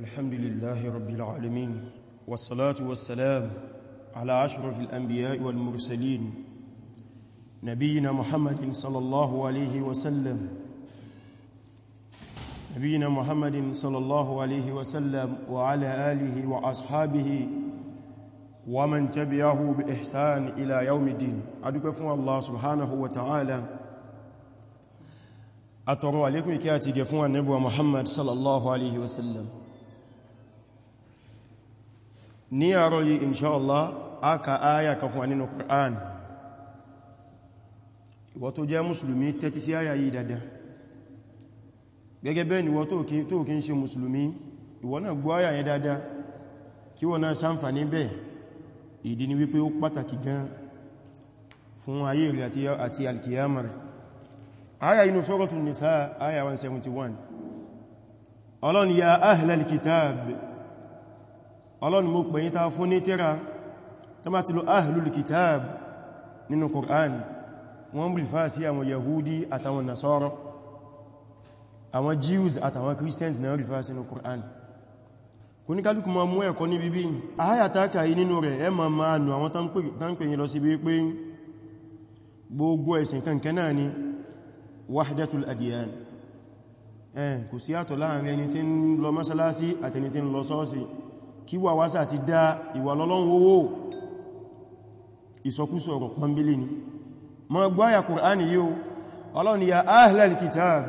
الحمد لله رب العالمين والصلاة والسلام على أشرف الأنبياء والمرسلين نبينا محمد صلى الله عليه وسلم نبينا محمد صلى الله عليه وسلم وعلى آله وأصحابه ومن تبعه بإحسان إلى يوم الدين فو الله سبحانه وتعالى أتروا عليكم كاتي قفوا النبوة محمد صلى الله عليه وسلم ní àárọ̀ yìí inṣáàlá aka aya kan fún nínú Qur'an ìwọ tó jẹ́ mùsùlùmí tẹ́tí sí aya yìí dáadáa gẹ́gẹ́ bẹ́ẹ̀ ni ìwọ tó kí ń ṣe mùsùlùmí ìwọ náà gbọ́ aya yẹn dáadáa kí wọ́n náà ṣàǹfààní bẹ́ẹ̀ ìdí ni wípé ó pàtàkì gan fún ayé rẹ̀ àti alkiyama rẹ̀ aya inú Suratul Nisa aya 171 ọlọ́ni ya ahlal kitab ọlọ́run mo pẹ̀yìn ta fún ní tíra tó má ti lo ahlul kitab nínú Qur'an wọ́n bí fà sí àwọn yahudi àtàwọn nasara àwọn jews àtàwọn christians náà rí fà sí nínú Qur'an kò ní kálùkù ma mú ẹ̀kọ́ ní bíbí ayàtàkà yìí nínú rẹ̀ ẹ ma ma nù àwọn tán lọ sí bí pé gbogbo ẹ̀sìn kankan náà ni wahdatul adiyan ẹ̀ kò sí àtọ̀ láàrin ẹni tí ń lọ mọ́sálásí àtẹni tí ń lọ sọ́ọ̀sì kí wà wásà ti dá ìwà lọ́lọ́run owó ìsọkúsọ ọ̀rọ̀ pọ̀mbílì ni mọ́ gbáyà kùránì yóò ọlọ́run ya ahlal kitab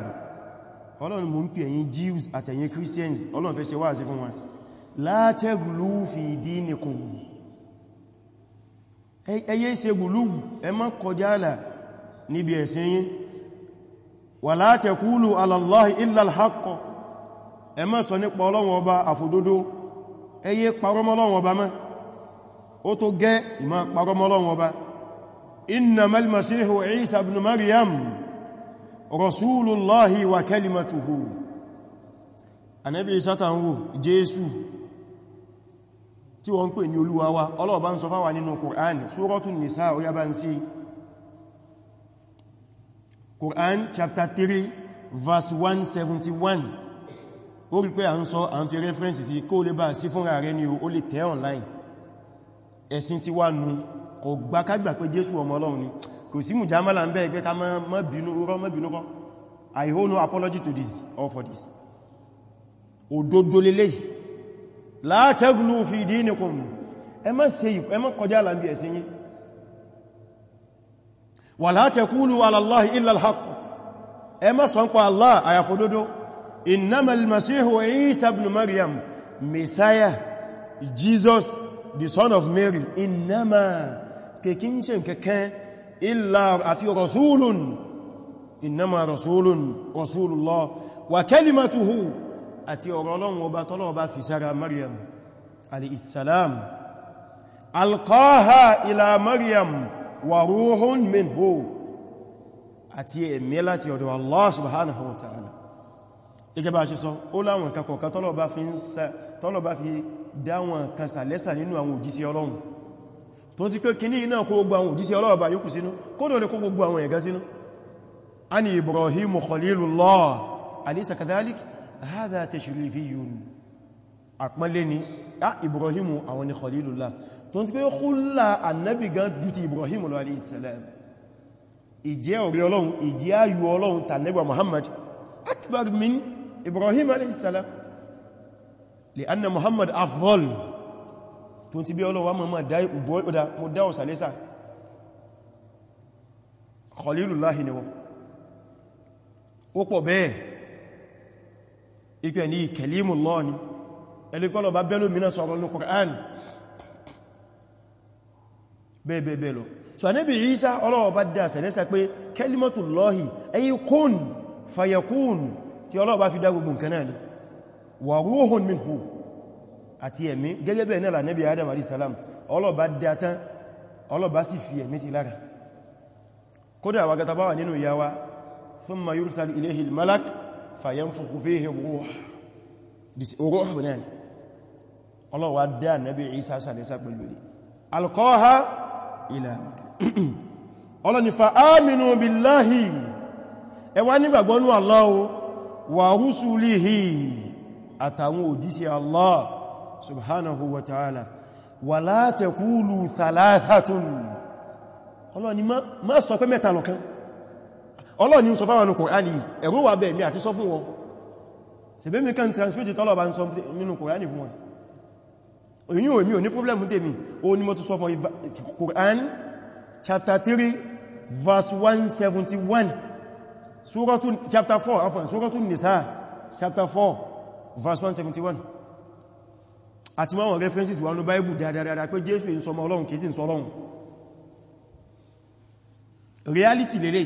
ọlọ́run mú ń pè ẹ̀yin Jews àtẹ̀yin Christians ọlọ́run fẹ́ ṣe wá sí fún wọn la taghlu fi dinikum ẹ yé ṣe gùlú sọ nípa ọlọ́run ọba àfòdodo ẹyẹ parọ́mọ́lọ́wọ́ ọba mọ́ ó tó gẹ́ ìmá parọ́mọ́lọ́wọ́ ọba innamal masihu isa ibn maryam rasulullahi wa kalimatuhu anabi isa ta ń wò jésù tí wọ́n ń pè ní olúwa ọlọ́ọ̀bá ń sọ fáwa nínú Qur'an Suratun Nisa ó yá ń sí Qur'an chapter 3 verse 171 ó rí pé à ń sọ à ń fi rẹ́fẹ́rẹ́nsì sí kó lè bá sí fúnra rẹ̀ ní o lè tẹ́ online ẹ̀sìn tí wà nù kò gbákágbà pé Jésù ọmọ Ọlọ́run ni kò sí mù jámàlà ń bẹ́ ẹgbẹ́ ká má bínú rọ́ má bínú rọ́ I owe no apology to this or for this òdodo lélẹ̀ la taglu fi dinikum ẹ má ṣe ẹ má kọjá àlàmbí ẹ̀sìn yìí wa la taqulu ala Allahi illa al-haqq ẹ má sọ ń pa Allah àyàfòdodo innama al-masihu isa ibn maryam messiah jesus the son of mary innama kekin ṣe kankan illa afi rasulun innama rasulun rasulullah wa kalimatuhu àti ọ̀rọ̀ Ọlọ́hun ọba t'Ọlọ́hun bá fi sára maryam alayhi salam alqaha ila maryam wa ruhun minhu àti ẹ̀mí láti ọ̀dọ̀ allah subhanahu wa ta'ala gẹ́gẹ́ bá ṣe sọ ó láwọn nǹkan kọ̀ọ̀kan tọ́lọ̀ bá fi dáwọn kan sàlẹ́sà nínú àwọn òjíṣẹ́ ọlọ́run tó ti pé kìní iná kó gbogbo àwọn òjíṣẹ́ ọlọ́run bá yókù sínú kódò lè kó gbogbo àwọn ẹ̀gá sínú a ni Ibrahim Khalilullah alisa kadhalik hada tashrifiyun àpọ́nlé ni a Ibrahim àwọn ni Khalilullah tó ti pé kúlà annabi gan ju ti Ibrahim akbar min Ibrahim alayhisalam lè anna Muhammad afdol tó ti bí ọlọ́wà mọ́ dá ìbò ìpòdá mo dá ọ̀sà lẹ́sà Khalilullahi ni wọ́n ó pọ̀ bẹ́ẹ̀ ikẹ̀ ní Kalimullah ni ẹlẹ́kọ́lọ̀ bá bẹ́lú mìíràn sọ̀rọ̀ ní Qur'an bẹ́ẹ̀bẹ́ẹ̀ lọ so anẹ́bì Isa ọlọ́wà bá dá sẹ̀lẹ́sà pé Kalimatullahi ay kun fayakun tí Ọlọ́run bá fi dá gbogbo nǹkan náà ni wa ruhun minhu àti ẹ̀mí gẹ́gẹ́ bẹ́ẹ̀ náà Nabi Adam alayhi salam Ọlọ́run bá dá tán Ọlọ́run bá sì fi ẹ̀mí sí lára kódà wa gata bá wà nínú ìyá wa thumma yursalu ilayhi al-malak fayanfukhu fihi ruh ruh náà ni Ọlọ́run wa rusulihi àtàwọn òjíṣẹ́ Allah subhanahu wa ta'ala wa la taqulu thalathatun ọlọ́ni má sọ pé mẹ́ta lọ́kan ọlọ́ni ń sọ fáwọn nínú Kùránì ẹ̀rọ wà bẹ̀ mi àti sọ fún wọn ṣebí mi kan transmit tọ́lọ̀ bá ń sọ nínú Kùránì fún wọn èyí ò mí ò ní problem tèmi ó ní mo tún sọ fún Kùránì chapter 3 verse 171 Suratun chapter 4 afwan Suratun Nisa chapter 4 verse 171 àti máwọn references wà ní Bible dáadáa pé Jésù ń sọmọ Ọlọ́run kìí sí ń sọ Ọlọ́run reality lele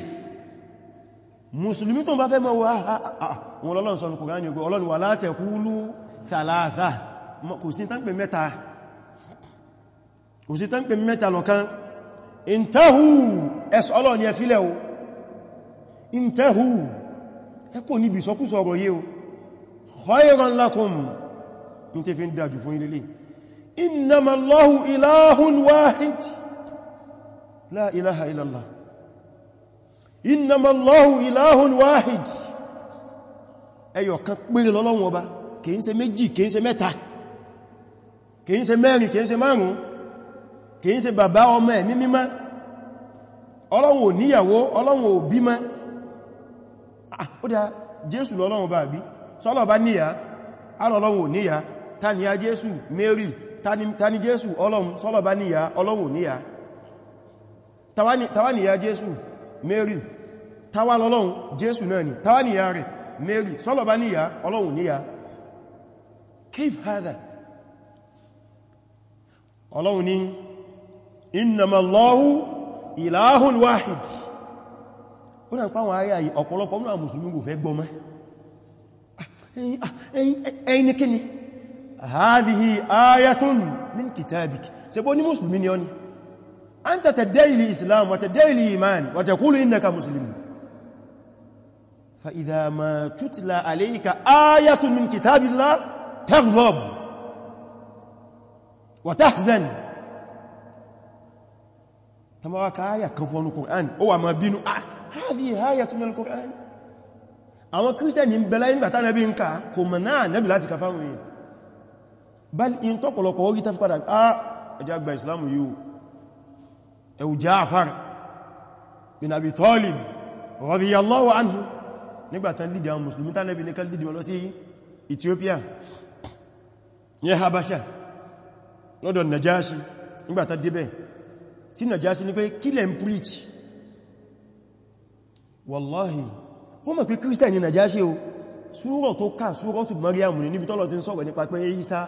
Mùsùlùmí tó bá fẹ́ mọ́ wá ah, ah, ah, àwọn Ọlọ́run sọ ní Kùránì ogun Ọlọ́run wà la taqulu thalatha kò sí tán pè mẹ́ta kò sí tán pè mẹ́ta lọ́kan intahu ẹ̀sọ́ Ọlọ́run ni ẹ fílẹ̀ o intahu ẹkò níbi ìsọkúsọ ọ̀rọ̀ yíò khayran lakum ní tẹ́ fi ń dájú fún ilé innama Allahu ilahun wahid la ilaha illallah innama Allahu ilahun wahid ẹyọ kan péré lọ́lọ́run ọba kìí ṣe méjì kìí ṣe mẹ́ta kìí ṣe mẹ́rin kìí ṣe márùn kìí ṣe bàbá ọmọ ẹ̀ ní mímọ́ ọlọ́run níyàwó ọlọ́run ò Ah, ó dá jésù lọ́lọ́run bá bí sọ́lọ̀ alọlọwọ níyà alọ́lọ́wò níyà tani mary tani jésù ọlọ́run sọ́lọ̀ níyà ọlọ́wò níyà tàwa jésù mary tàwa jésù náà ni tàwa rẹ̀ mary sọ́lọ̀ níyà ó náà pàwọn àríyà yìí ọ̀pọ̀lọpọ̀ náà mùsùlùmí kò fẹ́ gbọmọ́ ẹni kíni hadhihi ayatun min kitabik ṣe bó ní mùsùlùmí ni ọ ni anta taddaili islam wa taddaili iman wa taqulu innaka muslim fa idha ma tutla alayka ayatun min kitabillah taghdab wa tahzan tamawa هذه آية من القرآن àwọn kírísẹ̀nì ń bẹ̀lá ìgbàtà nẹ́bí ń ká kò mọ̀ náà nẹ́bí láti ká fáwọn èèyàn bá in tọ́pọ̀lọpọ̀ orí tẹ́fí padà á ẹjá gba ìsìlámù yíò ẹ̀wù Ja'far bin Abi Talib radiyallahu anhu nígbàtàn lídì àwọn mùsùlùmí tá nẹ́bí nìkan lídì wallahi ó mọ̀ pé kírísítẹ̀ ní Nàjáṣì o súrọ̀ tó ká súrọ̀ tó Maryam ní níbi tọ́lọ̀ ti ń sọ̀rọ̀ nípa pé Isa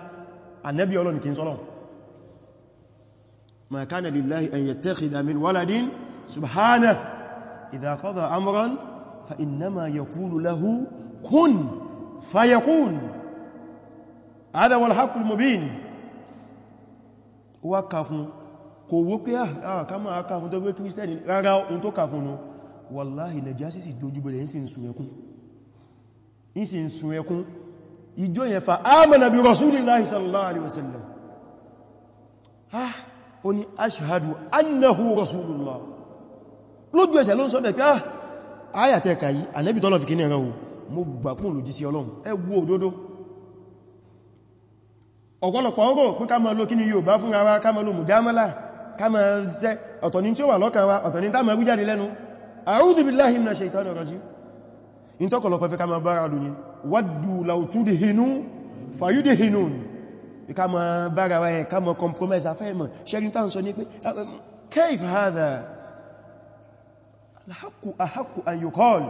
annabi Ọlọ́run kí ń sọ́lọ̀ ma kana lillahi an yattakhidha min waladin subhana idha qada amran fa innama yaqulu lahu kun fayakun hadha wal haqqul mubin wa kafun kò wó pé ah, ah ká tó gbé kírísítẹ̀ rárá ohun tó kafun náà wàláhì Nàjàsí sì dojúbọlẹ̀ ń sì ń sun ẹkún ń sì ń sun ẹkún ìjọ yẹn fa amana bi rasulillahi sallallahu alaihi wasallam ah ó ní ashhadu annahu rasulullah lójú ẹsẹ̀ ló ń sọ bẹ̀kẹ́ ah, ayàtẹ́ka yìí ànẹ́bì tọ́lọ̀ fi kí ní ẹ̀rọ mo gbà kún lòdí sí ọlọ́run ẹ wo òdodo ọ̀pọ̀lọpọ̀ ọ̀rọ̀ tí ó wà lọ́kàn wa tá máa wí lẹ́nu a'udhu billahi minash shaitani rajim in tọ́kọ̀ lọ́pẹ́ fẹ́ ká máa bára lónìí waddu law tudhinu fayudhinun ká máa bára wáyẹ ká máa compromise afẹ́mọ̀ sẹ́rìntàn sọ ní pé ah, um, kayf hadha alhaqqu ahaqqu an yuqal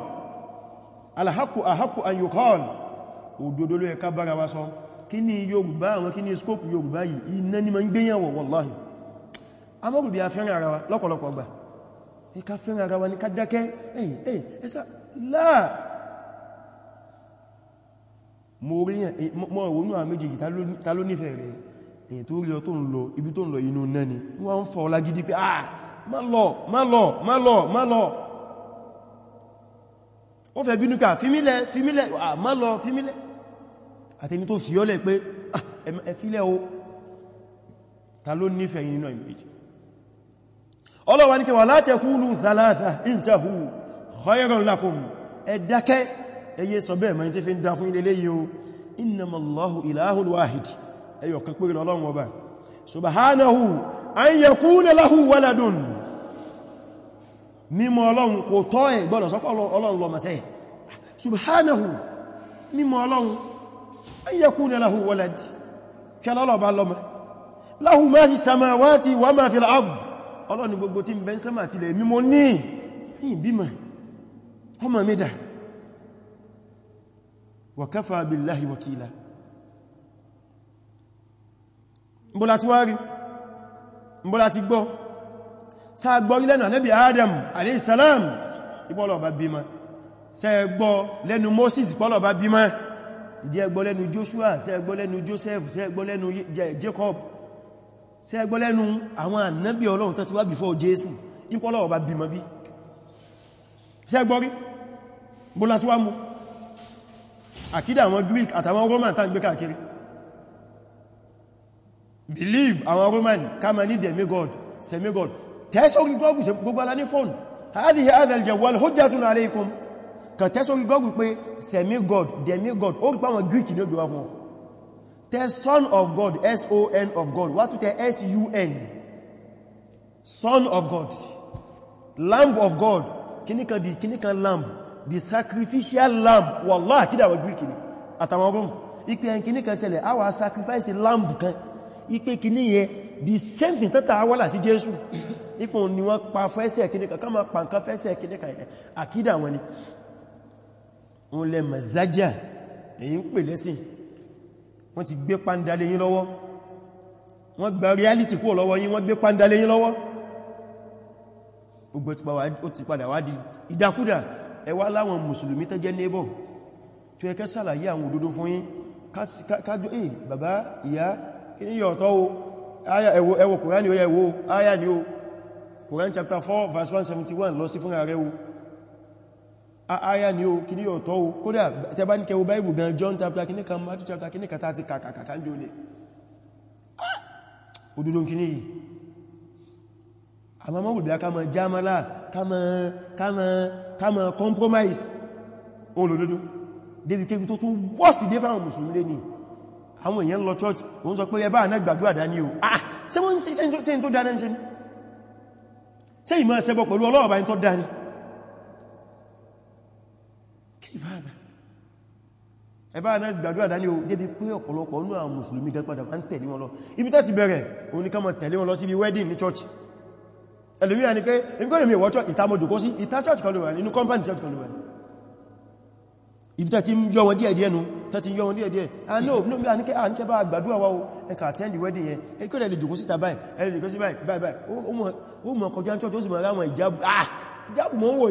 alhaqqu ní ká fẹ́ràn ara wa ní ká dákẹ́ ẹ̀yìn ẹ̀yìn ẹ̀sà láà mo rí mọ́ ìwònú àwọn méjèèjì ta ló nífẹ̀ẹ́ rẹ̀ èyí tó rí ọ tó ń lọ ibi tó ń lọ inú náà wọ́n ń fa ọlá gidi pé ah má lọ má lọ má lọ má lọ ó ah má lọ fímílẹ̀ àtẹni tó o ta ló nífẹ̀ẹ́ yìí nínú ìmẹ́jì ọlọ́wà ní kí wà láti ẹkúlù thalatha intahu khayrun lakum ẹ̀dákẹ́ ẹyẹ sọ bẹ́ẹ̀ mẹ́rin tí fi ń dá fún ilé léyìí o innamallahu ilahul wahid ẹyọ kan péré lọ́lọ́run ọba subhanahu an yakuna lahu waladun mímọ̀ ọlọ́run kò tọ́ ẹ̀ gbọ́dọ̀ sọ́pọ̀ ọlọ́run lọ mọ̀sẹ́ subhanahu mímọ̀ ọlọ́run an yakuna lahu walad ma fi samawati wa ma fil ardh ọlọ́ni gbogbo tí ń bẹ sánmà àti ilẹ̀ mímọ́ ní ìbímọ̀ ọmọ mẹ́dà wa kafa billahi wakila mbọ́lá ti wárí mbọ́lá ti gbọ́ sáà gbọ́ lẹ́nu ànábì Adam alayhi salam ìpọ́lọ̀ bá bímọ ṣé gbọ́ lẹ́nu Moses pọ́lọ̀ bá bímọ jẹ́ gbọ́ lẹ́nu Joshua ṣé ṣé ẹ gbọ́ lẹ́nu àwọn ànábì Ọlọ́run tó ti wá before Jésù ipò Ọlọ́run bá bímọ bí ṣé ẹ gbọ́ rí bọ́lá tí wá mú àkídà àwọn Greek àtàwọn Roman tán gbé káàkiri believe àwọn Roman kama ní demigod semigod tẹ́sọ́rí gọ́gù ṣe gbogbo alá ní fọ́n hádìí hádìí jẹ̀wọ́l hujjatun alaykum kà tẹ́sọ́rí gọ́gù pé semigod demigod ó rí pàwọn Greek ní obìwá fún ọ tẹ son of God s-o-n of God wá tún tẹ s-u-n son of God lamb of God kíníkan di kíníkan lamb the sacrificial lamb wàlá àkídàwà greek ni àtàwọn ọgbọ́n ipe ẹn kíníkan ṣẹlẹ̀ a wà sacrifice lamb kan ipe kíní yẹ the same thing tẹ́ta awọ́là sí Jésù ipò ni wọ́n pa fẹ́sẹ̀ kíníkan kama pa nǹkan fẹ́sẹ̀ kíníkan àkídà wọn ni wọ́n lẹ mazaja èyí ń pè lẹ́sìn wọ́n ti gbé pàndalé yín lọ́wọ́ wọ́n gba reality kúrò lọ́wọ́ yín wọ́n gbé pàndalé yín lọ́wọ́ gbogbo ó ti padà wá di ìdákúdà ẹ wá láwọn mùsùlùmí tó jẹ́ neighbor tí ẹ kẹ́ sàlàyé àwọn òdodo fún yín kájọ́ eh bàbá ìyá ìyọ̀ ọ̀tọ́ o aya ẹwọ kòrán ni ó yẹ wo aya ni ó kòrán chapter 4 verse 171 lọ sí fún ààrẹ o aya ni o kini ọ̀tọ̀ o kódà tẹ bá ní kẹwọ báìbù gan John chapter kìíní kan Matthew chapter kìíní kan tàti kàkàkà ń jò ní ah! òdúdó kìíní yìí àmà mọ́ gbùdá kama jamala kama kama kama compromise olódódó david kébi tó tún worst dé fáwọn mùsùlùmí lé ní àwọn èèyàn lọ church wọ́n sọ pé ẹbá àná gbàdúrà dání o ah se wọ́n ń se tó dání ṣe ní ṣe ìmọ̀ ṣẹbọ pẹ̀lú ọlọ́ọ̀bá ń tọ́ dání Father, هذا ẹ̀bá náà gbàdúrà dání o débi pé ọ̀pọ̀lọpọ̀ ní àwọn mùsùlùmí gan padà ń tẹ̀lé wọn lọ ibi tá ti bẹ̀rẹ̀ o ní ká má tẹ̀lé wọn lọ síbi wedding ní church ẹlòmí à ní pé ibi kọ́lẹ̀ mi wọ́chọ́ ìtàmójòkó sí ìta church kan ló wà church kan ló wà ibi tá ti ń yọ wọn díẹ̀ díẹ̀ nu tá ti ń yọ wọn díẹ̀ díẹ̀ ah, attend the wedding yẹn ẹ kọ́lẹ̀ lè jòkó síta báyìí ẹ lè jòkó sí báyìí báyìí ó mọ̀ kọjá church ó sì mọ̀ ah ìjábù mọ́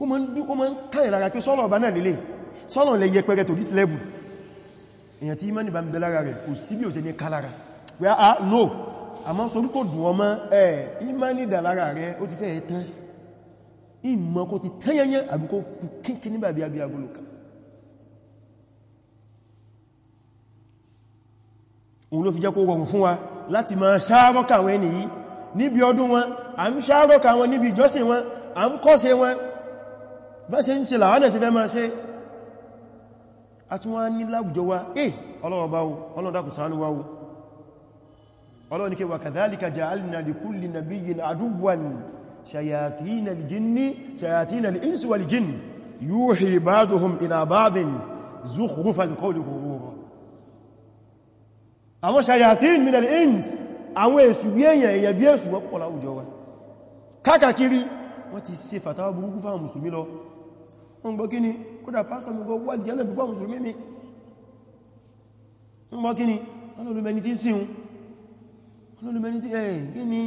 ó ma ń dú ó ma ń tàn ìlara pé sọ́lọ̀ ọba náà nílé sọ́lọ̀ lẹ yẹ pẹ́rẹ to this level èyàn tí imani bá ń bẹ lára rẹ̀ kò sí bí ò sí ní kálára pé a ah, ah, no a ma ń sorí dùn ọmọ ẹ̀ eh, imani dà lára rẹ̀ ó ti fẹ́ ẹ̀ tán ìmọ̀ kò ti tẹ́yẹnyẹ àbí wa láti ma ṣáárọ́kà wọn níbi ọdún wọn à ń ṣáárọ́kà wọn níbi ìjọsìn wọn wọn bá ṣe ń ṣe làwọn ẹ̀sẹ̀ fẹ́ máa ṣe a tún wá ní láwùjọ wa eh ọlọ́wọ́ bá wo ọlọ́wọ́ dákù ṣàánú wa wo ọlọ́wọ́ ní kí wa kadhalika ja'alna li kulli wọ́n ti ṣe fàtàwà burúkú fáwọn mùsùlùmí lọ ń gbọ́ kíni kódà pásọ̀ mi gbọ́ wà jẹ́nà bí fún mùsùlùmí mi ń gbọ́ kíni olólùmẹni tí síun olólùmẹni tí ẹ̀ kíni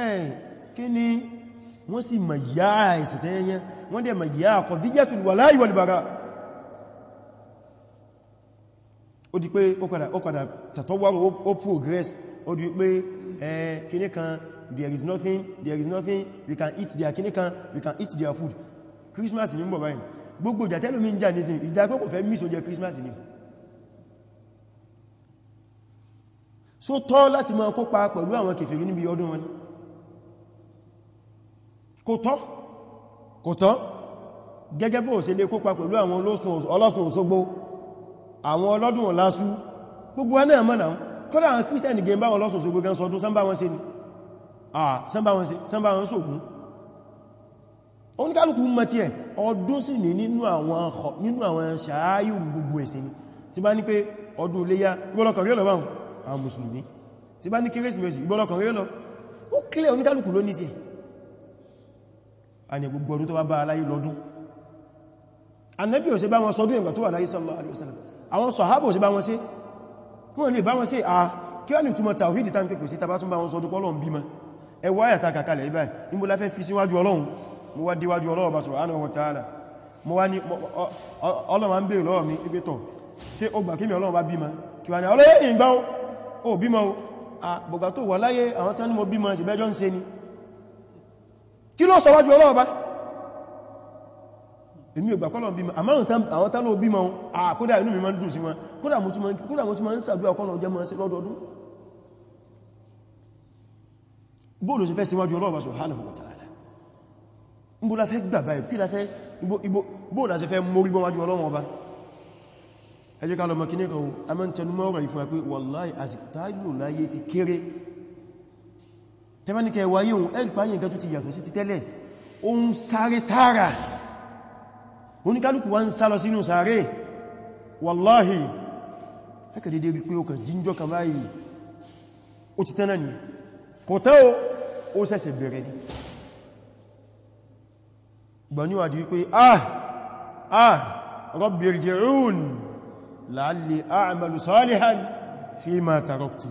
ẹ̀ kíni wọ́n sì mọ̀ yá ìsẹ̀tẹ́yẹn wọ́n dẹ̀ mọ̀ yá qadiyatul wala'i wal bara ó di pé ó padà tàtọ́wọ́rọ̀ ó progress ó di pé ẹ̀ kíní kan there is nothing there is nothing we can eat their kíní kan we can eat their food Christmas ní ń bọ̀ báyìí gbogbo ìjà tẹ́lómi ń jà nísìn ìjà pé kò fẹ́ miss oúnjẹ Christmas ní so tọ́ láti máa kópa pẹ̀lú àwọn kèfèrí níbi ọdún wọn kò tọ́ kò tọ́ gẹ́gẹ́ bó ṣe lè kópa pẹ̀lú àwọn ọlọ́sùn Òṣogbo àwọn ọlọ́dún ọ̀lású gbogbo ẹ̀nà àmọ́nà kọ́lá àwọn Christian gẹ̀ẹ́bá ọlọ́sùn Òṣogbo gan sọdún sánbá wọn ṣe ni ah sánbá wọn ṣe sánbá wọn ṣògùn oníkálùkù mọ́tí ẹ̀ ọdún sì ní nínú àwọn ṣàáyù gbogbo ẹ̀sìn ni tí bá ní pé ọdún iléyá ìgbọ́lọ̀kàn rí lọ báhùn àwọn mùsùlùmí tí bá ní kérésìmesì ìgbọ́lọ̀kàn rí lọ kí wá ní ìtumọ̀ tàwídì tán pẹ̀pẹ̀ sí wọn sọdún pọ́lọ̀ ń bímọ ẹwà àyàtà kàkalẹ̀ ibáyìí níbo la fẹ́ fi síwájú Ọlọ́run mo wá díwájú ọlọ́ọ̀bá subhanahu wa ta'ala mo wá ní ọlọ́wà ń bèèrè lọ́wọ́ mi ipé tọ̀ ṣe ó gbà kí mi ọlọ́wà bímọ kí wà ní ọlọ́yẹ́ ìgbà ó bímọ o àbọ̀gbà tó wà láyé àwọn tán ní mo bímọ ṣe bẹ́jọ́ ń ṣe ni kí ló sọwájú ọlọ́ọ̀bá èmi ò gbà kọ́lọ̀ bímọ àmáhùn àwọn tán ló bímọ àkódà inú mi máa ń dùn sí wọn kódà mo tún máa ń sàdúrà kọ́lọ̀ jẹ́ máa sí lọ́dọọdún bóòlù sí fẹ́ síwájú ọlọ́ọ̀bá subhanahu wa ta'ala mbó la fẹ́ gbàgbà ìpí la fẹ́ bó la ṣe fẹ́ mórí bọ́n wájú ọlọ́run ọba ẹjẹ́ ká lọ mọ̀ kíní kan a mọ́ tẹnumọ́ ọ̀rọ̀ ìfúnra pé wàláì àsìkò láyé ti kéré tẹ́mẹ́nìkẹ́ wáyé ohun ẹ̀rìpáyé nǹkan tó ti yàtọ̀ sí ti tẹ́lẹ̀ ó ń sáré tààrà oníkálùkù wá ń sá lọ sínú sáré sẹ́sẹ̀ bẹ̀rẹ̀ ni gbọ́níwà di wípé ah ah rabbi irji'un la'alli a'malu salihan fima taraktu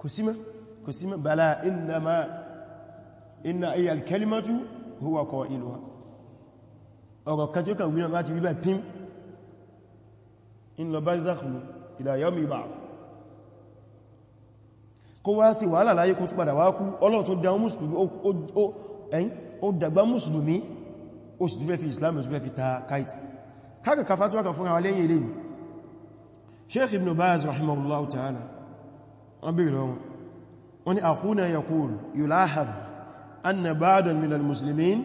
kò sí mẹ́ kò sí mẹ́ bala innama inna iya alkalimatu huwa qailuha ọ̀rọ̀ kan tí ó kàn wí náà láti rí bẹ́ pín in lọ barzakhlu ila yawmi ba'ath kó wá sí wàhálà láyé kó tún padà wá kú Ọlọ́run tó dáun mùsùlùmí ó ẹ̀yìn ó dàgbà mùsùlùmí ó sì fẹ́ fi islam ó sì fẹ́ fi ta kite káàkà fatuwa kan fúnra wa lẹ́yìn ilé sheikh ibn baz rahimahullahu ta'ala wọ́n bí lọ́wọ́ wọ́n ni akhuna yaqul yulahadh anna ba'dan min al-muslimin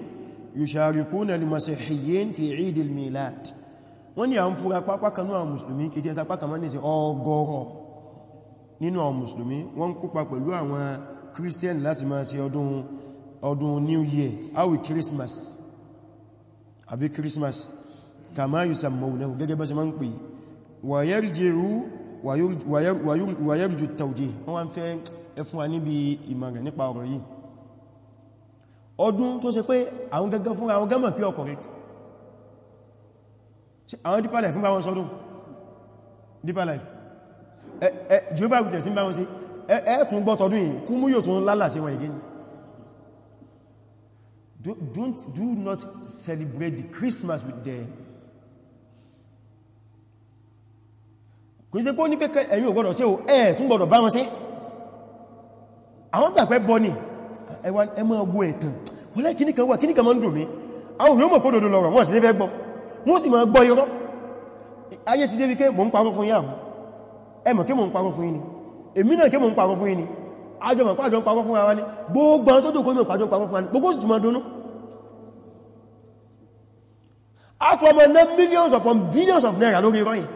yusharikuna al-masihiyyin fi eid milad wọ́n ni a ń fúra pápá kanú àwọn musulmi kìí ṣe sápá kan mọ́ní sí ọgọ́rọ̀ nínú àwọn musulmi wọ́n kópa pẹ̀lú àwọn christian láti máa ṣe ọdún ọdún new year How we christmas àbí christmas kama yusammawnahu gẹ́gẹ́ bá ṣe máa ń pè wa yarji'u wa yarju at-tawjih wọ́n wá ń fẹ́ ẹfún wa níbi ìmọ̀ràn nípa ọ̀rọ̀ yìí ọdún tó ṣe pé àwọn gẹ́gẹ́ fún àwọn gẹ́mọ̀ pí ọkọ̀ rẹ̀ àwọn deeper life ń bá wọn sọ́dún deeper life jehovah witness ń bá wọn sí do, don't, do not celebrate the Christmas with them kò ṣe kó ní pé ẹ̀yin ò gbọ́dọ̀ ṣe o ẹ̀ tún gbọ́dọ̀ bá wọn ṣe àwọn gbàgbẹ́ bọ́ ní ẹmọ́ ọgbọ́ ẹ̀tàn wọ́n láì kíníkà wà kíníkà máa ń dùn mí àwọn yóò mọ̀ kó dòdò lọ́rọ̀ wọ́n sì ní fẹ́ gbọ́ wọ́n sì máa gbọ́ irọ́ ayé ti débi pé mò ń parọ́ fún yàwó ẹmọ̀ kí mò ń parọ́ àtọmọ̀ ná millions upon billions of naira lórí ìrọ́yìn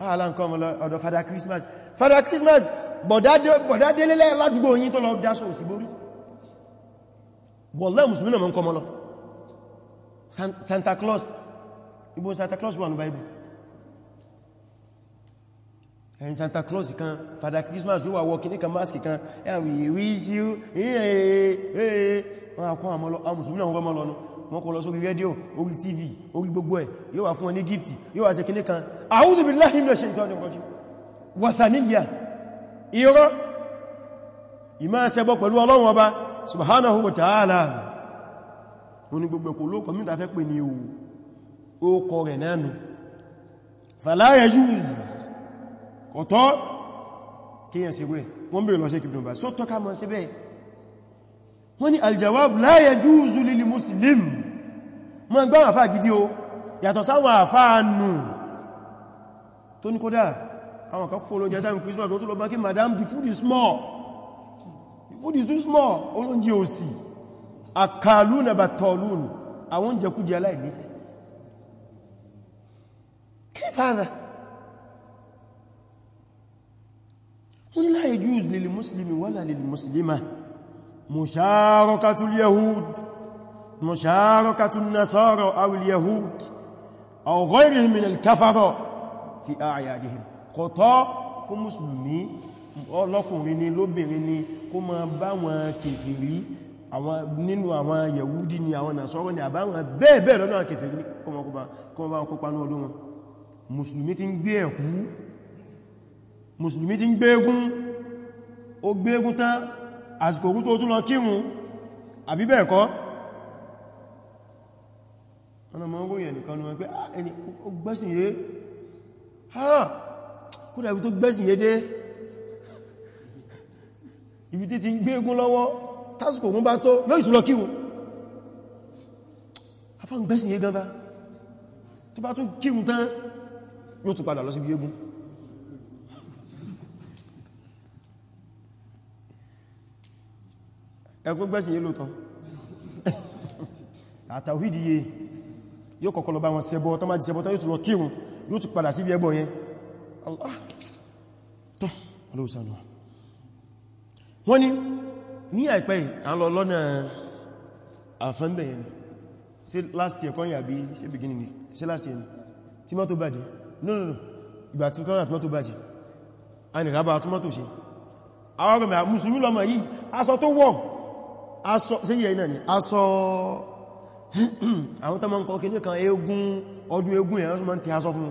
ah, ààlá nǹkan ọmọ ọ̀dọ̀ Father Christmas Father Christmas bọ̀dá délélẹ́ ládùgbò yín tó lọ dáṣọ òsì borí wọ̀lẹ́ musulmi náà mọ́ nǹkan mọ́lọ Santa Claus ibo Santa Claus wà ní Bible ẹ̀yìn Santa Claus kan Father Christmas yóò wà wọ kìní kan mask kan ẹ̀yìn we wish you ẹ̀yìn ẹ̀yìn ẹ̀yìn wọ́n kọ lọ sórí rédíò orí tv orí gbogbo ẹ̀ yóò wà fún wọn ní gift yóò wà ṣe kíní kan a'udhu billahi minash shaitani rajim wàtàníyà irọ́ ìmá ṣẹbọ pẹ̀lú ọlọ́run ọba subhanahu wa ta'ala wọn ni gbogbo ẹ̀kọ́ lókọ o kọ rẹ̀ nánu fala yajuz kọ̀tọ́ kíyàn sí rẹ̀ wọ́n bèèrè lọ tọ́ka mọ́ sí wọ́n ní aljawab la yajuzu lil muslim ma gbá àfá gidi o yàtọ̀ sáwọn àfá nù tó ní kódà àwọn kan fún olóúnjẹ time Christmas wọ́n tó lọ bá kí madam the food is small the food is too small olóúnjẹ ò sí akaluna batalun àwọn jẹkújẹ aláìníṣẹ́ kí fàádà wọ́n ní la yajuzu lil muslimi wala lil مشاركة اليهود مشاركة النصارى أو اليهود أو غيرهم من الكفر في أعيادهم قطاع فمسلمي ọlọ́kùnrin ni lóbìnrin ni kó ma bá wọn kèfèrí nínú àwọn yahudi ni àwọn nàṣọ́rọ̀ ni àbáwọn bẹ́ẹ̀bẹ́ẹ̀ lọ́nà kèfèrí kó ma bá wọn kópa ní ọdún wọn musulmi ti ń gbé ẹ̀kú musulmi ti ń tán àsìkò orú tó tún lọ kírun àbí bẹ́ẹ̀ kọ́ ọ̀nà mọ́ oróyìn ẹnìkan ní wọ́n pé ah, ẹni ó gbẹ́sìn yé ha kódà ibi tó gbẹ́sìn yé dé ibi tí ti ń gbé egún lọ́wọ́ tásìkò ogun bá tó yóò ìsúlọ kírun afọ́n gbẹ́sìn yé gan tó bá tún kírun tán yóò tún ẹgbẹ́ gbẹ́sìn yé lóòtọ́ àtàwídì yé yóò kọ́kọ́ lọ bá wọn ṣẹbọ tó máa di ṣẹbọ tó yóò tún lọ kírun yóò tún padà sí ibi ẹbọ yẹn tọ́ olóòsànà wọ́n ni ní àìpẹ́ à ń lọ lọ́nà àfẹ́m̀bẹ̀ yẹn last year kọ́yìn àbí sí beginning sí last year tí mọ́tò bàjẹ́ no no no ìgbà tí kọ́yìn àti mọ́tò bàjẹ́ a nìra bá tún mọ́tò ṣe àwọn ọmọ mùsùlùmí lọmọ yìí aṣọ tó wọ̀ aṣọ sí yẹ iná ni aṣọ àwọn tánmà ń kọ́ kí ní kan eégún ọdún eégún ẹ̀rọ ma ń tẹ aṣọ fún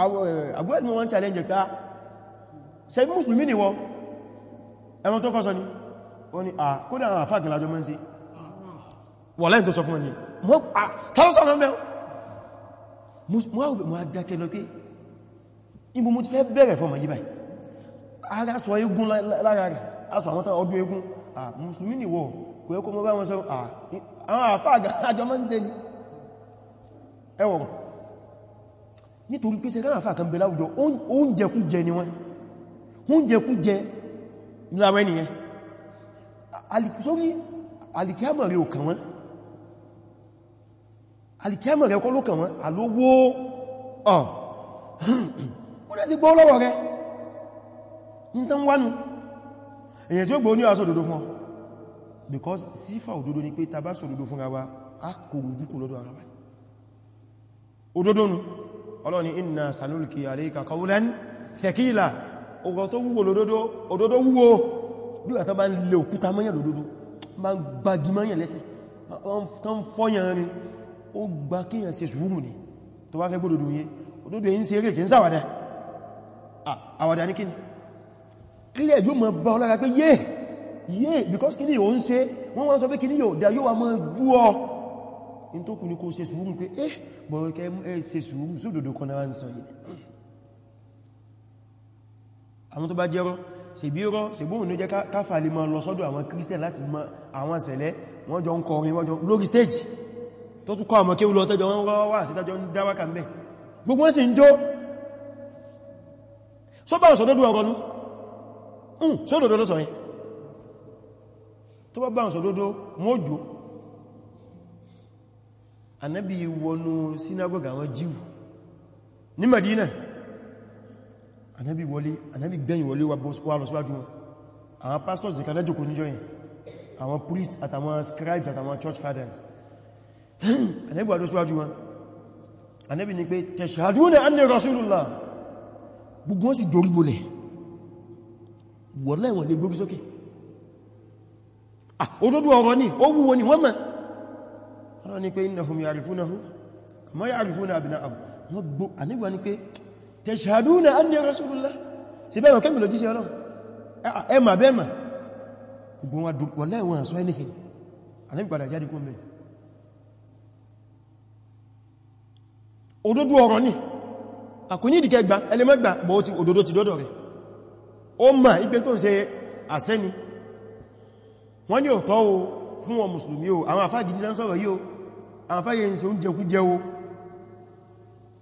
àgbẹ́ẹ̀dì wọ́n challenge pé ṣe mùsùlùmí ni wọ́n ẹran tó kọ́sọ ni o ni à kódà àwọn àfáà gẹ̀lájọ mọ́ sí wọ́n lẹ́yìn tó sọ fún ọ ni tàbí sọ́nà mẹ́ mọ́ adákẹ́ lọ pé ibu mo ti fẹ́ bẹ̀rẹ̀ fọ́mọ̀ yí báyìí ara sọ eégún lára rẹ̀ aṣọ àwọn tán ọdún eégún ah mùsùlùmí nìwọ kò yẹ kó mọ́ bá wọn sọ àwọn àfáà àjọ mọ́ ń ṣe ni ẹwọ̀ nítorí pé sẹ́kánà àfáà kan bẹ láwùjọ oúnjẹkújẹ ni wọ́n oúnjẹkújẹ láwọn ènìyàn sórí alìkíámọ̀rẹ́ ò kàn wọ́n alìkíámọ̀rẹ́ ọkọ́ ló kàn wọ́n alówó ọ̀ wọ́n lẹ́sí gbọ́ lọ́wọ́ rẹ̀ ní tán wánu èyàn tí ó gbò ní àṣọ òdodo fún ọ because sífà òdodo ni pé tàbá sọ òdodo fún rawa a kò rújú kò lọ́dọ̀ ara wa òdodo nù ọlọ́ni inna sanulki alayka qawlan thaqila ọ̀rọ̀ tó wúwo lódodo òdodo wúwo bí wà tán bá ń lè òkúta mọ́yàn lódodo bá ń gbagi mọ́yàn lẹ́sẹ̀ kan fọ́yàn ni ó gba kíyàn ṣe sùúrù ni tó wá fẹ́ gbódodo yẹ òdodo yìí ń ṣe eré kìí sáwàdà àwàdà ní clear yóò mọ̀ bá ọlára pé yé yé because kí ní yóò ń ṣe wọ́n wọ́n sọ pé kí ní yóò dá yóò wà mọ́ jú ọ in tó kù ní kó ṣe sùúrù pé eh bọ̀rọ̀ kẹ ṣe sùúrù sódòdó kan náà ń sọ yìí àwọn tó bá jẹ́rọ ṣèbí rọ ṣègbóhùn ló jẹ́ káfà lè máa lọ sọ́dọ̀ àwọn Christian láti mọ àwọn ṣẹ̀lẹ̀ wọ́n jọ ń kọrin wọ́n jọ lórí stage tó tún kọ àmọ́ kí ó lọ tẹ́jọ wọ́n rọ́ wà sí tẹ́jọ ń dáwà kàmbẹ̀ gbogbo wọ́n sì ń jó sọ́bà ọ̀sọ̀dọ́dọ̀ ọ̀rọ̀ nú sódòdó hmm, ló sọ yìí tó bá báhùn sódòdó mọ́jò anábi wọnú sinagoga àwọn jíwù ní Madina anábi wọlé anábi gbẹ̀yìn wọlé wà lọ síwájú wọn àwọn pastors ìkàdá jòkó níjọ́ yìí àwọn priests àtàwọn scribes àtàwọn church fathers anábi wà lọ síwájú wọn anábi ni pé tashhaduna anni rasulullah gbogbo wọn sì dorí bolẹ̀ wọ́lá ìwọ̀n lè gbógún sókè ah, òdodo ọ̀rọ̀ ní ó wúwo ní wọ́n mọ̀ ọ̀rọ̀ ní pé innahum ya'rifunahu kama ya'rifuna abna'ahum wọ́n gbó ànígbà ní pé tashhaduna anni rasulullah sí bẹ́ẹ̀ kẹ́mì lọ jíṣẹ́ ọlọ́run ẹmà bẹ́ẹ̀mà gbogbo wọn dùn wọ́lá ìwọ̀n sọ anything ànígbàdà jáde kó mẹ́rin ní àkúnyìdìkẹgbà rẹ̀ ó mọ̀ ipé tó ń ṣe àṣẹ́ni wọ́n ní ọ̀tọ́ o fún wọn mùsùlùmí o àwọn àfáà gidi lán sọ̀rọ̀ yìí o àwọn àfáà yẹn ṣe oúnjẹ kújẹ o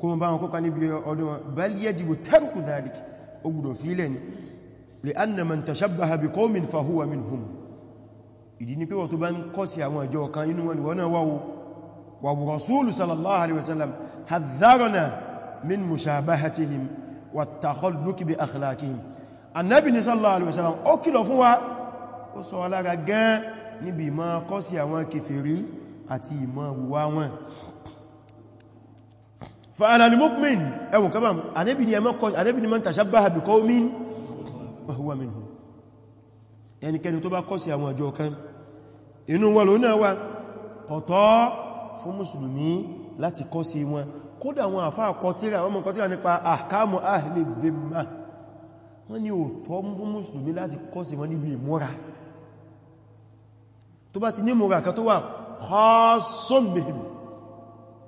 kó bá wọn kópa níbi ọdún wọn bal yajibu tarku dhalik ó gbùdọ̀ fílẹ̀ ni li anna man tashabbaha bi qawmin fahuwa minhum ìdí bá ń kọ́ sí àwọn min mushabahatihim wa takhalluki bi akhlaqihim annabi ni sallallahu alaihi wasallam ó kìlọ̀ fún wa ó sọ alára gan níbi ìmọ̀ kọ́ sí àwọn kèfèrí àti ìmọ̀ wùwá wọn fa'ala al-mu'min ẹwùn kaba annabi ni ẹmọ́ kọ́ annabi ni man tashabbaha bi qawmin wa huwa minhum ẹnikẹni tó bá kọ́ sí àwọn ọjọ́ kan inú wọn ló náà wà kọ̀tọ́ fún mùsùlùmí láti kọ́ sí wọn kódà wọn àfáà kọtíra wọn mọ̀ kọtíra nípa ahkamu ahli dhimma wọ́n ní òtọ́ fún mùsùlùmí láti kọ́sì wọn níbi ìmúra tó bá ti ní múra kan tó wà khasun bihim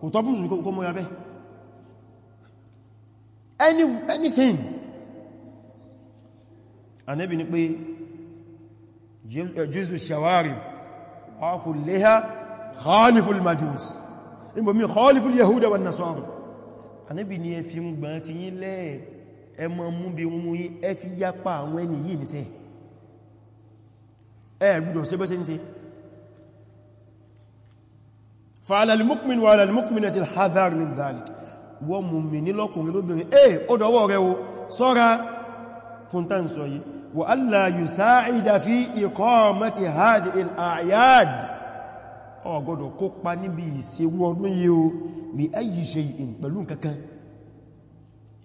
kò tọ́ fún mùsùlùmí kó múra bẹ́ anything ni pé jésù eh, shawarib wáfù léha khaliful majus ibomi khaliful yahuda wa nasara anẹ́bì ni ẹ fi ń gbọ́n ti yí lẹ́ẹ̀ ẹ mọ́ mú bí mú yí ẹ fi yápa àwọn ẹni yìí nìsẹ́ ẹ gbọ́dọ̀ ṣe bẹ́sẹ̀ nìsẹ́ fa'alalmukmin wa alalmukmin àti alhazar min dhalik wọ́n mú mi nílọ́kùnrin lóbìnrin ẹ ó dọwọ́ rẹ o níbi ìṣe ọdún yìí o bí ayi shay'in kankan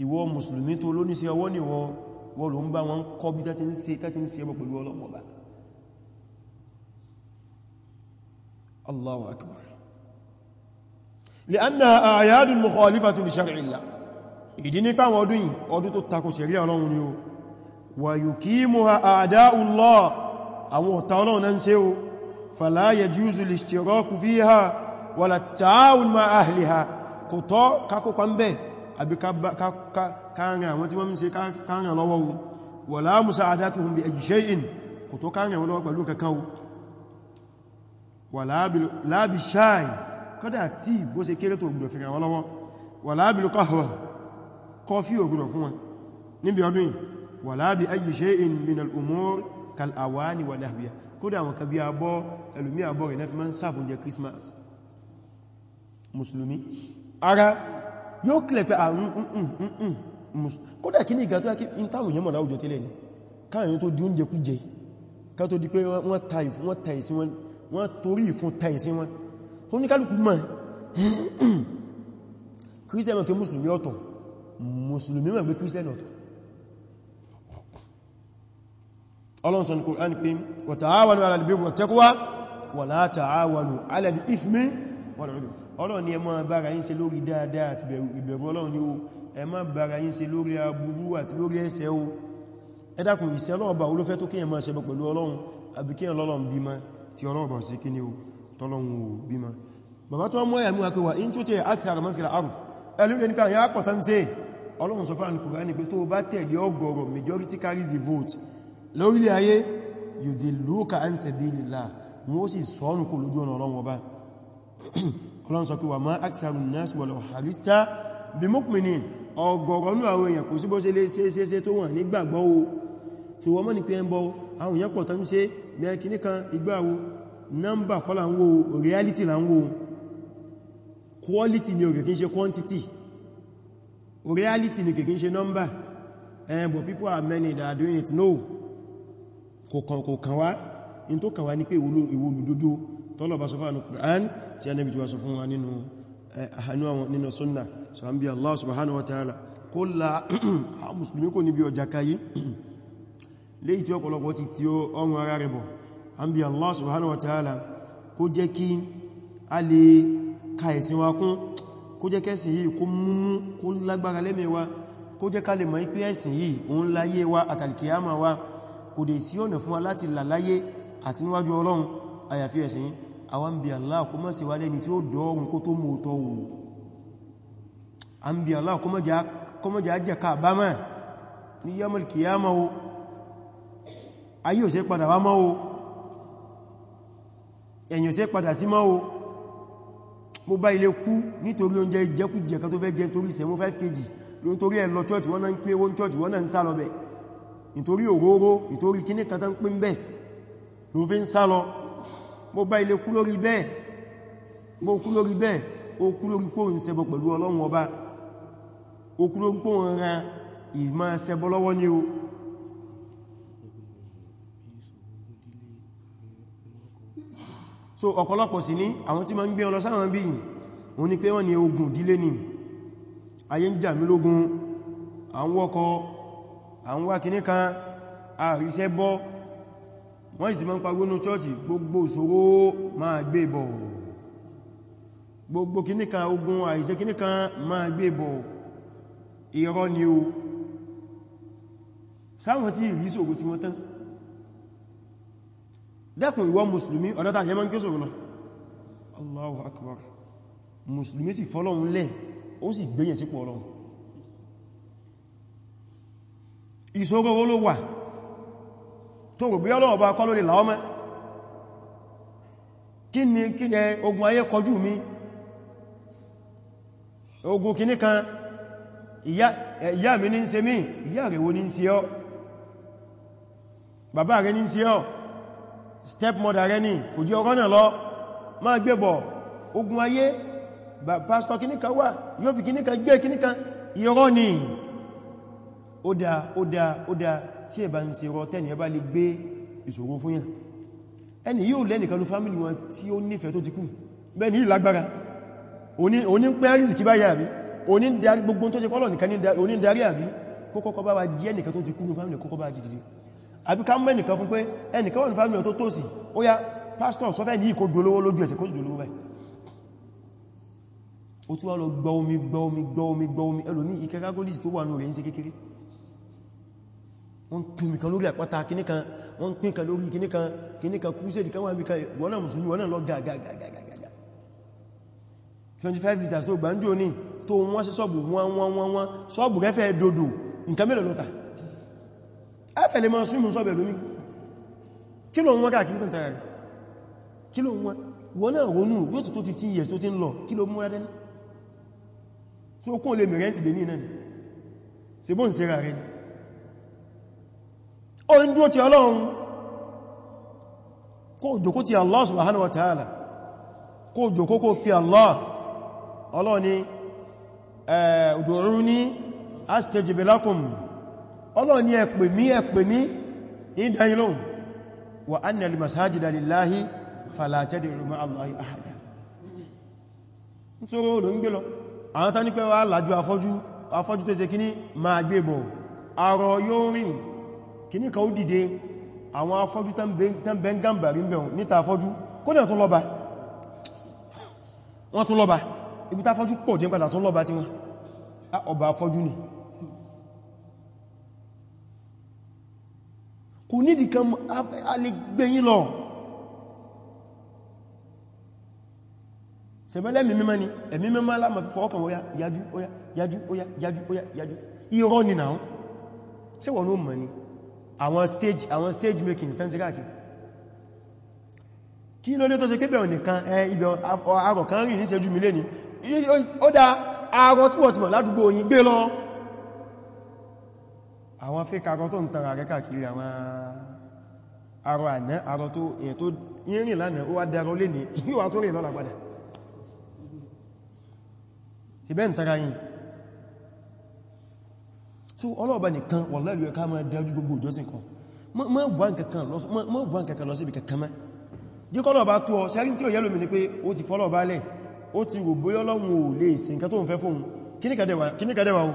ìwọ mùsùlùmí tó ló ní sí ọwọ́ ní wọ́n ló ń bá wọn kọ́ bí tẹ́tí ń ṣe tẹ́tí ń ṣe ẹbọ pẹ̀lú ọlọ́pọ̀ọba Allahu akbar li'annaha a'yadun mukhalifatun li shar'illah ìdí nípa àwọn ọdún yìí ọdún tó takò ṣẹ̀ríà Ọlọ́run ni ó wa kò tọ́ kakópa ń bẹ́ẹ̀ àbí káàrin àwọn tí wọ́n ń ṣe káàrin lọ́wọ́ wala musa'adatuhum bi shay'in kò tó káàrin àwọn lọ́wọ́ pẹ̀lú kankan wala bi shay kọ́dà tí bó ṣe kéré tó gbọ́dọ̀ fi ràn wọ́n lọ́wọ́ wala bil qahwa kọfí ògbùdọ̀ fún wọn níbi ọdún yìí wala bi ayyi shay'in min al ara yóò kílẹ̀ pé àrùn ah, kódà kí ní ìgbà tó yá kí n táwọn èèyàn mọ̀ láwùjọ tẹ́lẹ̀ ni káàrin tó di oúnjẹ kú jẹ ká tó di pé wọ́n ta ìfún wọ́n ta ìsìn wọn wọ́n torí ìfún ta ìsìn wọn ó ní kálùkù mọ̀ kírísítẹ́nì mọ̀ pé mùsùlùmí ọ̀tọ̀ mùsùlùmí mọ̀ pé kírísítẹ́nì ọ̀tọ̀ ọlọ́run sọ ní Kùránì pé wa ta'awanu 'alal birri wat taqwa wa la ta'awanu 'alal ithmi ọlọ́run ni ẹ má bára yín ṣe lórí dáadáa àti ìbẹ̀rù ọlọ́run ni ó ẹ má bára yín ṣe lórí aburú àti lórí ẹ̀ṣẹ̀ ó ẹ dákun ìṣẹ́ ọlọ́run bá olófẹ́ tó kíyàn máa ṣẹbọ pẹ̀lú ọlọ́run àbí kíyàn lọ́lọ́run bímọ tí ọlọ́run bá sí kí ni ó tọ́lọ́run ò bímọ bàbá tó mọ́ ẹ̀mú akẹwà in tó tẹ́ akẹ́sàrà mọ́ fìlà àrùn ẹlúrẹ́ nípa àwọn àpọ̀tá ń tẹ́ ọlọ́run sọ fáà ní kùránì pé ọlọ́run sọ pé wà máa aktharun nas walau harista bimu'minin ọgọ̀rọ̀ ní àwọn èèyàn kò sí bó ṣe lè ṣeéṣe tó wọ́n nígbàgbọ́ o tí wọ́n mọ́ ní pé ń bọ́ àwọn èèyàn pọ̀ tán ń reality là quality ni òkè kí ṣe quantity reality ni òkè kí ń eh but people are many that are doing it no kò kàn wá in tó kàn wá ní pé ìwòlòdòdó tọ́lọ̀ bá sọ fún àwọn Qur'an tí a nábi tí wá sọ fún wa nínú àhánú eh, àwọn nínú sunna so an bí Allah subhanahu wa ta'ala kó la musulmi kò níbi ọjà kayi léyìí tí ọ̀pọ̀lọpọ̀ ti tí ọrùn ara rẹ̀ bọ̀ an bí Allah subhanahu wa ta'ala kó jẹ́ kí a kò dẹ̀ sí ọ̀nà fún wa láti àti níwájú Ọlọ́run àyàfi ẹ̀sìn yìí àwọn bí Allah kó mọ́ sí wà lẹ́ni tí ó dọ́ọ̀rùn kó tó mọ́ tọ́ wù an bí Allah kó mọ́ jẹ́ ajẹ́ ká bá máa ní yamal kiyama o ayé ò ṣe padà wá mọ́ o ẹ̀yìn ò ṣe padà sí mọ́ o mo bá ilé kú nítorí oúnjẹ jẹkújẹ kan tó fẹ́ jẹ nítorí sẹ̀mú 5 kg ló nítorí ẹ̀ lọ church wọ́n náà ń pé wọ́n church wọ́n náà ń sá lọ bẹ̀ nítorí òróró nítorí kíní kan tán pín bẹ̀ ló sá lọ mo bá ilé kú lórí bẹ́ẹ̀ mo kú lórí bẹ́ẹ̀ ó kú lórí kó ń ṣẹbọ pẹ̀lú ọlọ́run ọba ó kú lórí kó ń ran ìmá lọ́wọ́ ní o so ọ̀pọ̀lọpọ̀ sí ní àwọn tí ma ń gbé ọlọ sáwọn bí o ní pé wọ́n ni ogun dílé ni wọ́n ìsì máa ń pagbónú chọ́ọ̀chì gbogbo ìṣòro máa gbé bọ̀ gbogbo kìníkan ogun àìṣẹ́ kìníkan máa gbé bọ̀ irọ́ ni o sáwọn tí ìrí ṣòro tí wọ́n tán dẹ́kùn ìwọ mùsùlùmí ọ̀dọ́ta yẹ máa ń kí ṣòro lọ ìṣòro wo ló wà tó rò bí Ọlọ́run bá kọ́ ló lè láọ́mọ́ kí ni kí ni ogun ayé kọjú mi ogun kìní kan ìyá mi ní ń ṣe mí ìyá rẹ̀ wo ní ń ṣe ọ́ bàbá rẹ̀ ní ń ṣe ọ́ stepmother rẹ̀ ní kò jí ọ̀rọ̀ náà lọ máa gbébọ̀ ogun ayé pastor kìní kan wà yóò fi kìní kan gbé kìní kan irọ́ ni ó dá ó dá ó dá tí ẹ bá ń ṣe rọ tẹ́ni ẹ bá lè gbé ìṣòro fún yàn ẹni yóò lẹ́nìkan ló fámílì wọn tí ó nífẹ̀ẹ́ tó ti kú bẹ́ẹ̀ ní lágbára oní pẹ́ rìsìkí báyìí àbí oní darí gbogbo tó ṣe kọ́lọ̀ nìkan oní darí àbí kókọ́kọ́ bá wa jẹ́ nìkan tó ti kú ní fámílì kókọ́ bá dìdì àbí ká mẹ́ nìkan fún pé ẹnìkan wọn fámílì tó tòsí ó yá pásítọ̀ sọfẹ́ ní ìkó dolówó lójú ẹsẹ̀ kó sì dolówó báyìí ó tún wá lọ gbọ́ omi gbọ́ omi gbọ́ omi gbọ́ omi ẹlòmí ìkẹ́kágólìsì tó wà ní orí ń ṣe kékeré wọ́n túnmì kan lórí àpáta kìníkan wọ́n pín kan lórí kìníkan kìníkan kúrúsẹ̀dì kan wà wíkan wọ́n náà mùsùlùmí wọ́n náà lọ gàgàgàgàgàgà 25 litres tó gbàndò ní tó wọ́n sí sọ́bù wọ́n wọ́n wọ́n wọ́n sọ́bù rẹ́fẹ́ dodo nǹkan mélòó lọ́ta afẹ́lẹ́ máa súnmù sọ́bẹ̀ lómi kí ló wọ́n káàkiri tàn tààrí kí ló wọ́n wọ́n náà ronú yóò tó tó 15 years tó ti ń lọ kí ló múra dẹ́ni tí ó kún lè mìíràn ti dé ní náà ṣe bó ń ṣe ra rẹ̀ ni ó ń dúró ti ọlọ́run kó jòkó ti Allah subhanahu wa ta'ala kó jòkó kó pí Allah ọlọ́run ni ud'uuni astajib lakum ọlọ́run ni ẹ pè mí ẹ pè mí ní dáyìnlóhun wa anna al-masajida lillahi fala tad'u Allahi ahada nítorí olóò ń gbé lọ àwọn tán ní pé wà lájú afọ́jú afọ́jú tó ṣe kíní máa gbé bọ̀ àrọ̀ yóò kìní kan ó dìde àwọn afọ́jú tán bẹ́ ń gàmbàrí bẹ̀rún níta afọ́jú kódà tún lọ́ba wọ́n tún lọ́ba ibi tá afọ́jú pọ̀ jẹ́ padà tún lọ́ba tí wọ́n ọba afọ́jú ni kò nídìí kan a lè gbẹ̀yìn lọ sẹ̀mẹ́lẹ́ mi mímọ́ ni ẹ̀mí mímọ́ láàmà fífọ́ ọkàn oya yájú oya yájú oya yájú oya yájú irọ́ ni náà ṣe wọ́n ló mọ̀ ni àwọn stage àwọn stage making stand síkàkì kí ló ní tó ṣe kébẹ̀ ònìkan ẹ ibẹ̀ àrọ̀ kan rí ní ṣẹ́jú mi lé ní ó dá àrọ̀ tíwọ̀tíwọ̀ ládùúgbò yìí gbé lọ àwọn fake àrọ̀ tó ń tara rẹ̀ káàkiri àwọn àrọ̀ àná àrọ̀ tó èyàn tó yìnrìn lánàá ó wá dáró lé ní ìwà so ọlọ́ọ̀bá nìkan wallahi ló yẹ ká máa dájú gbogbo ìjọsìn kan mọ́ wà nǹkankan lọ síbi kankan mẹ́ jí kọ́lọ̀ọ̀bá tó ọ sẹ́rin tí ó yẹ́lómi ni pé ó ti fọ́lọ̀ọ̀bá lẹ̀ ó ti wò bóyá Ọlọ́run ò lè ṣe nǹkan tó ń fẹ́ fún kíníkàdẹ̀wà o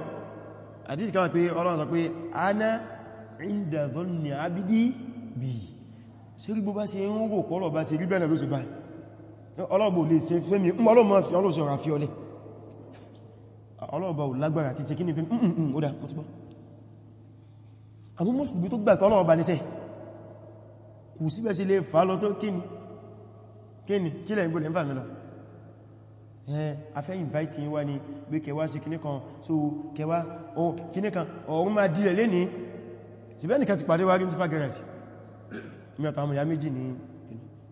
àdíjì ká pé Ọlọ́run sọ pé ana inda dhanni abidi bi ṣe rí bó bá ṣe ń rò pọ́lọ̀ bá ṣe rí bẹ́ẹ̀ ló ṣe báyìí ọlọ́gbò lè ṣe fẹ́mi ń mọ́ ọlọ́mọ́ sí ọlọ́ṣọ́ ra fi ọlẹ́ ọlọ́ọ̀bá ò lágbára ti ṣe kí ní fi mún mm, mm, mm, ó dá mọ́ ti gbọ́ àwọn mùsùlùmí tó gbàgbà ọlọ́ọ̀bá níṣẹ́ kù síbẹ̀ sí lè fà lọ tó kíni kíni kílẹ̀ ìgbòlẹ̀ ń fà mí afẹ́ invite yín wá ní kẹwàá sí kíní kan so kẹwàá o kíní kan ọ̀run máa dílẹ̀ lé ní ṣìbẹ́ nìkan ti pàdé wá rí ní tipa garage mi àtàwọn ìyá méjì ní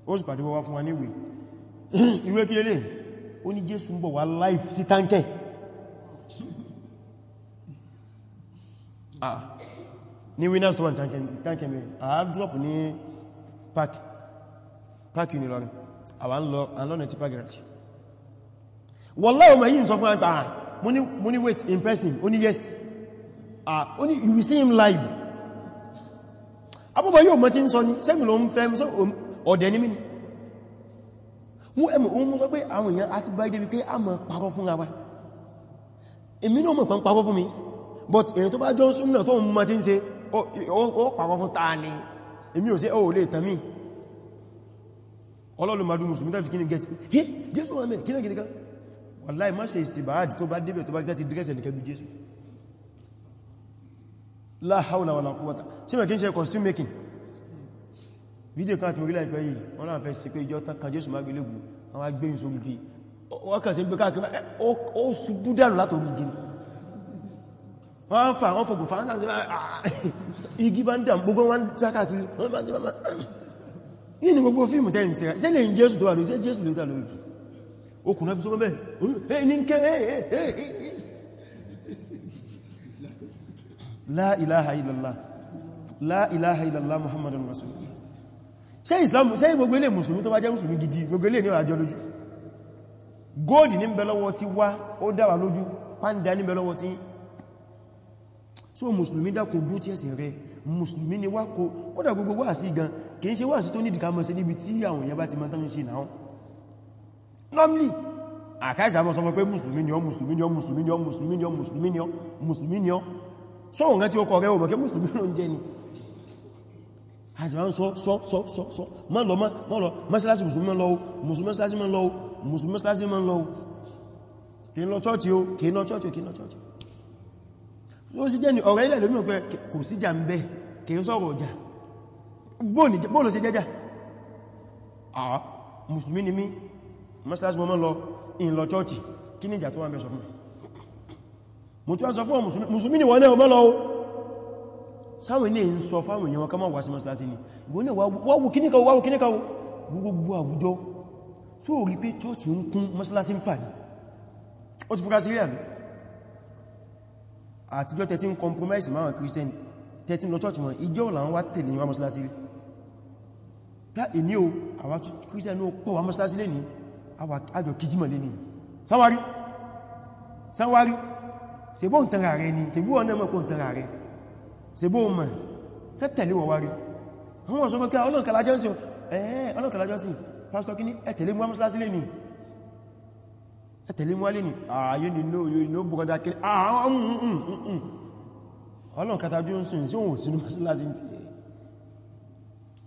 ó sì pàdé wa life sí tánkẹ̀ ah ní winners tó wà tankemi a drop ní park park unilorin àwà ń lọ́nà tí park garage wallahi ọmọ yìí ń sọ fún àgbà ah mo ní wait in person ó ní yes ah ó ní you will see him live abúbọ̀ yóò mọ́ tí ń sọ ní sẹ́mi ló ń fẹ́ ọ̀dẹ̀ ní mìí mú ẹmù ohun mú sọ pé àwọn èèyàn àti báyìí débi pé a mọ̀ parọ́ fún ra wa èmi náà mọ̀ pàpàrọ́ fún mi but èyàn tó bá jọ ń súnmọ̀ tó ń mọ́ tí ń ṣe ó pàwọ́ fún ta ni èmi ò sí ó lè tàn mí ọlọ́lùmọ̀dún musulmi tàbí kíni gẹ̀ẹ́tì pé jésù wà mẹ́ kí náà gẹ̀ẹ́gẹ́ wàláì má ṣe ìstìbáàdì tó bá débẹ̀ tó bá gẹ́ẹ̀tì dírẹ́sẹ̀ nìkẹ́ bí jésù la hawla wala quwwata ṣe mẹ́kí ń ṣe costume making video kan àti mọ̀ rílẹ̀ ìpẹ́ yìí wọ́n náà fẹ́ sí pé ìjọ tán kan jésù má gbé lẹ́gbù àwọn agbẹ́yìn sórí gí wọ́n kàn sí gbé káàkiri ó ṣubú dànù látòrí gíní wọ́n fà wọ́n fògbò fàáńtà ah, igi bá ń dà gbogbo wọn jákàkì wọ́n bá jẹ́ máa yìí ni gbogbo fíìmù tẹ́ ń sẹ́ra sẹ́lẹ̀ ń jésù tó wà lórí sẹ́ jésù lórí tàbí okùn náà fi sọ́mọ́ bẹ́ẹ̀ hmm, ní kẹ́ la ilaha illallah la ilaha illallah muhammadun rasulullah ṣe islam ṣe gbogbo ilé musulmi tó bá jẹ́ musulmi gidi gbogbo ilé ní àjọ lójú góòdì ní bẹ̀lọ́wọ́ ti wá ó dáwà lójú pàndà ní bẹ̀lọ́wọ́ ti so musulmi dákò dúró tí ẹ̀sìn rẹ̀ musulmi ni wá kó kódà gbogbo wà sí gan kìí ṣe wà sí tó ní ìdíkà mọ́ sí níbi tí àwọn èèyàn bá ti mọ́tán ṣe náà normally àkáìsà mọ́ sọ fún pé musulmi ni ọ musulmi ni ọ musulmi ni ọ musulmi ni ọ musulmi ni ọ musulmi ni ọ so òun tí ó kọ rẹ̀ ò bọ̀kẹ́ musulmi ló ń jẹ́ ni àṣìwá ń sọ sọ sọ sọ sọ má lọ má lọ mọ́sálásí musulmi mọ́ lọ musulmi mọ́sálásí ló sì jẹ́ ní ọ̀rẹ́ ilẹ̀ lómi ọ̀pẹ́ kò sí jà ń bẹ́ kì í sọ̀rọ̀ ọjà bóòlù sí jẹ́jà àà mùsùlùmí ni mí mọ́sílásí moment lọ ìlọ chọ́ọ̀chì kí ní ìjà tó wà ń bẹ́ sọ fún mi tí wọ́n sọ fún mùsùlùmí ni wọ́n náà mọ́ o sáwọn ilé ń sọ fáwọn èèyàn kọmọ wà sí mọ́sílásí ni wọ́wù kíníkàwó wọ́wù kíníkàwó gbogbo àwùjọ tó rí pé chọ́ọ̀chì ń kún mọ́sílásí ń fà ní ó ti fúkásí àtijọ́ tẹ́tí ń compromise máwọn christian tẹ́tí lọ church wọn ìjọ́ là ń wá tẹ̀lé wá mọ́sálásí rí pẹ́ èmi o àwa christian ó pọ̀ wá mọ́sálásí lé ní àjọ kìjímọ̀ lé ní sáwárí sáwárí ṣebó ń tẹ́ra rẹ ni ṣebó ọ̀nà mọ́ ń tẹ́ra rẹ ṣebó mọ̀ sẹ́ tẹ̀lé wọ wárí àwọn ọ̀sọ́gbọ́n kí ọlọ́nkàlájọ́sìn pastor kí ní ẹ̀tẹ̀lé wá mọ́sálásí lé ní ẹ̀tẹ̀lé mú alìní ààyè nínú ìlú bukọ́dá kí àwọn ọlọ́n kata johnson sí òun sínú masílásí ti ẹ̀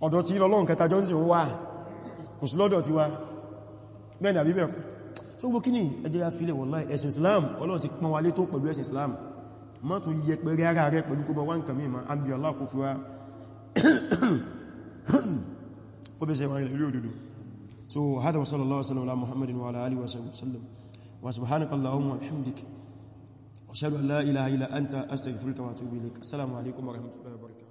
ọ̀dọ̀ tí lọ́lọ́n kata johnson wà kò sí lọ́dọ̀ ti wá bẹ́ẹ̀ni àbí bẹ́ẹ̀ kọ́ tó gbó kíní ẹjẹ́ ya fílẹ̀ wallahi ẹ̀sìn islam ọlọ́n ti pọ́n wálé tó pẹ̀lú ẹ̀sìn islam má tún yẹ pẹ̀rẹ̀ ara rẹ pẹ̀lú kọba wọn kàmí ma وسبحانك اللهم وبحمدك واشهد ان لا اله الا انت استغفرك واتوب اليك السلام عليكم ورحمه الله وبركاته